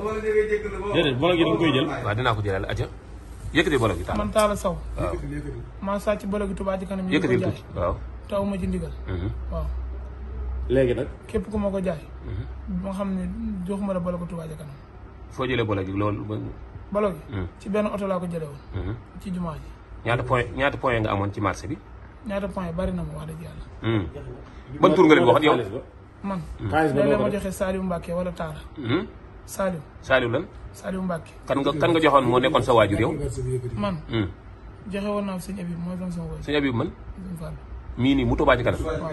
déedéet bolo gi da nga koy jël. waaw dinaa ko jëlal atia yëkkati bolo gi. man Talla Sow. maa sàcc bolo gi Touba ci kanam. ñu ngi koy jaay taw ma ci mhm. nag. képp ku ma ko jaay. ma mhm. xam ne joxuma la bolo gi Touba ci kanam. foo jëlee bolo gi mhm. ci benn oto laa ko jëlee woon. ci jumaa ji. ñaata point ñaata point nga amoon ci marché bi. ñaata point bari na ma wax dëgg yàlla. ban tur nga leen waxat man. xaalis ba ma joxe Saliou Mbacke wala Talla. Saliou Saliou lan. Saliou Mbacke. kan nga kan nga joxoon moo nekkoon sa waajur yow. man. Hmm. joxe woon naa sëñ Abib mooy doon sama waajur. man. mii nii mu Touba ci kanam. waaw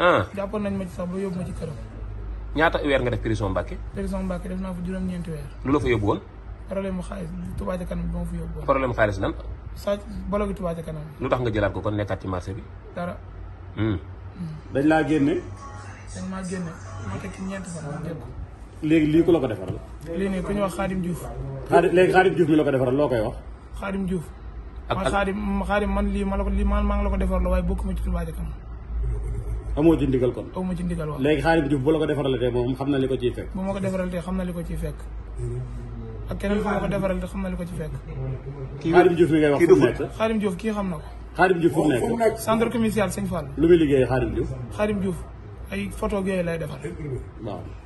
ah. jàppoon nañ ma ci sax ba yóbbu weer nga def prison Mbacke. prison def naa fa juróom lu la fa yóbbu woon. problème mu xaalis Touba ci kanam bi ma fa yóbbu woon. problème xaalis lan. sa bolo gi Touba ci kanam. lu tax nga jëlaat ko kon nekkaat ci marché bi. dara. Hmm. dañ laa génne. dañ maa génne ma tekki ñeenti fan ma génn. léegi lii ku la ko defaral. lii nii ku ñuy wax Xaadim Diouf. Xaadim léegi Xaadim Diouf mi la ko defaral loo koy wax. Xaadim juuf ak man Xaadim Xaadim man lii ma la ko lii maa ngi la ko defaral waaye bokkuma ci Touba ca kanam. amoo ci ndigal kon. amoo ci ndigal waaw léegi Xaadim Diouf bu la ko defaralatee moom xam na li ko ciy fekk. bu ma ko fekk. ak keneen ku ma xam na li ko ci fekk. kii Xaadim Diouf mi ngay wax fu nekk. kii xam na ko. Xaadim Diouf fu mu nekk. centre commercial Sëñ Fall. lu muy liggéeyee Xaadim Diouf. Xaadim Diouf ay photo yooyu lay defar. waaw.